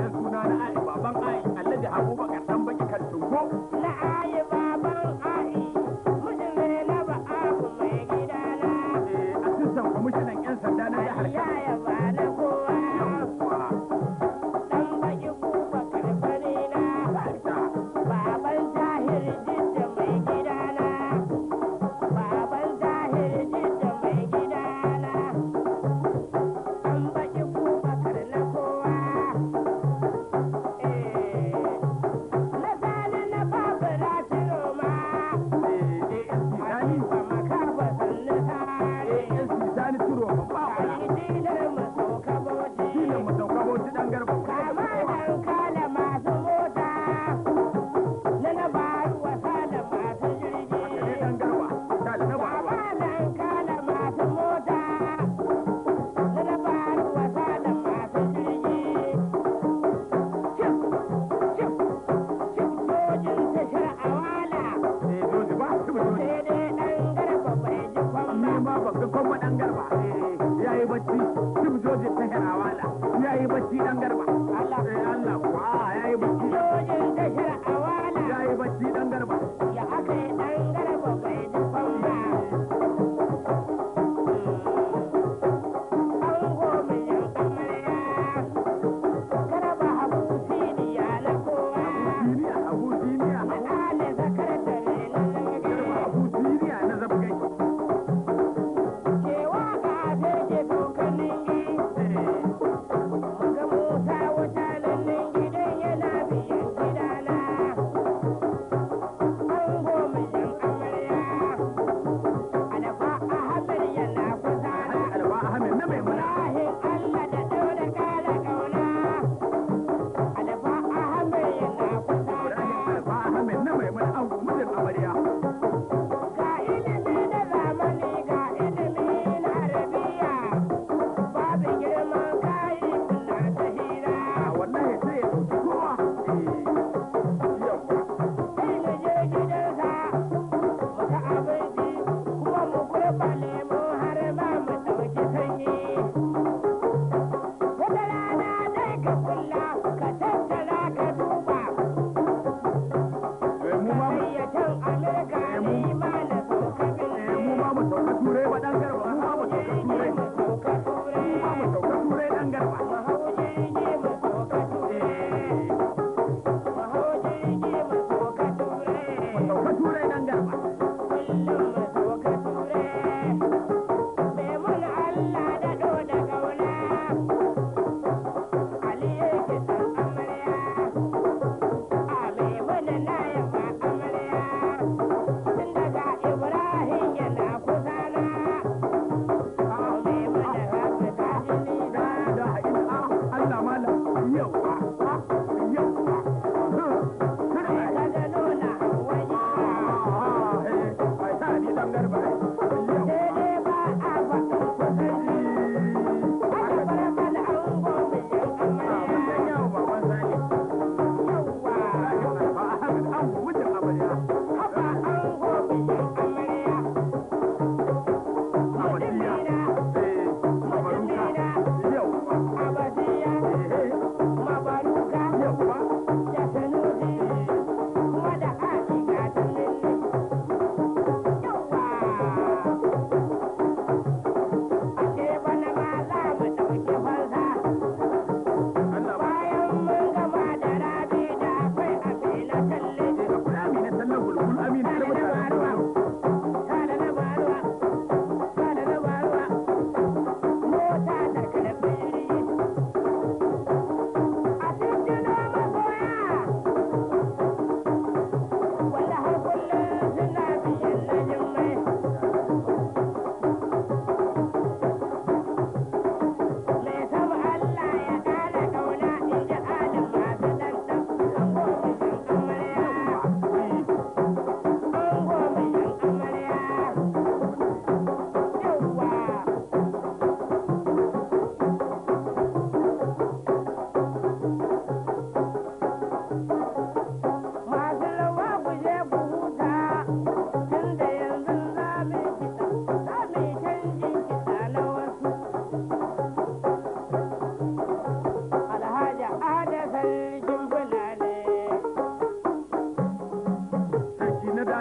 よくない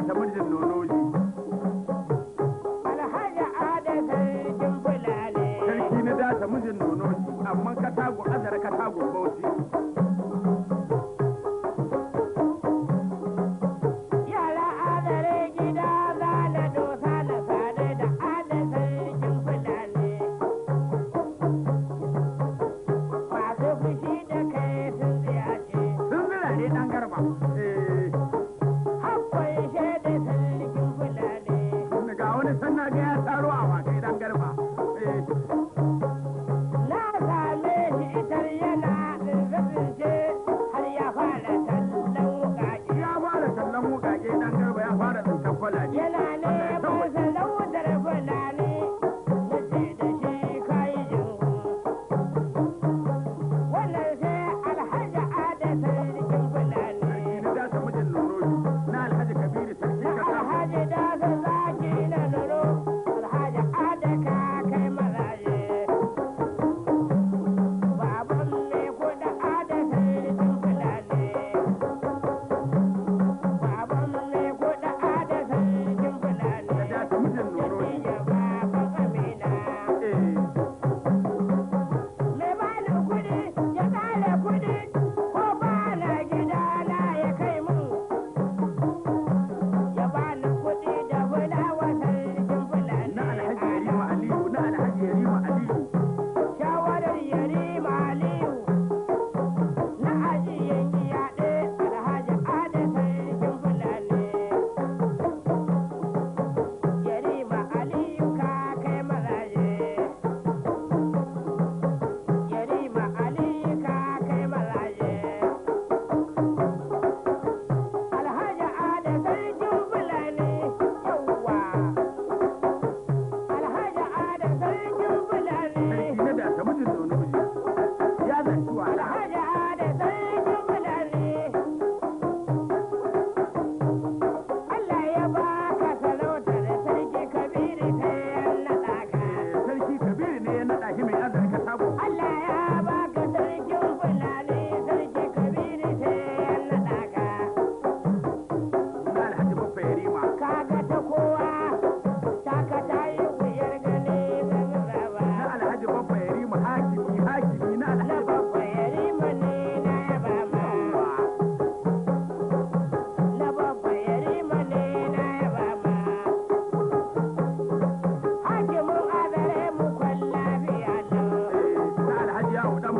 ta mijin nonoji. Alhaji ada sarkin fulani. Sarki na da ta mijin nonoji, amma katago azara katago bauchi. kwalaje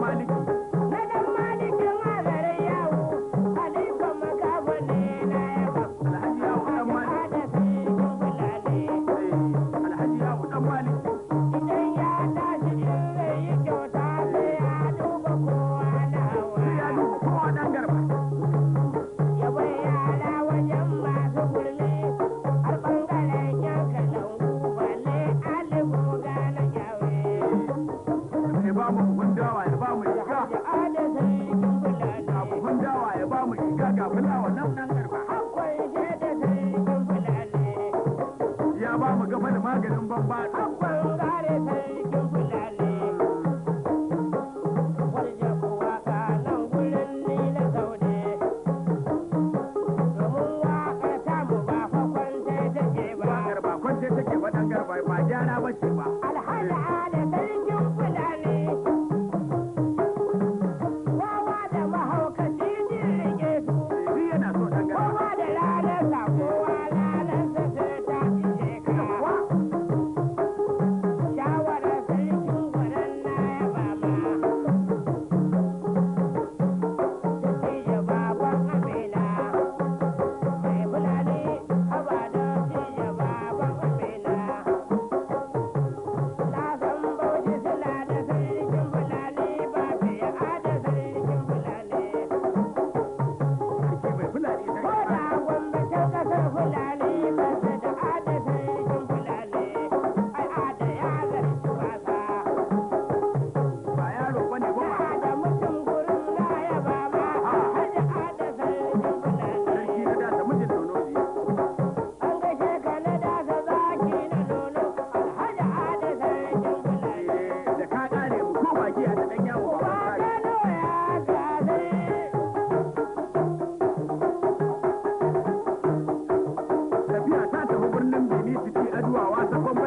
Money. pasa como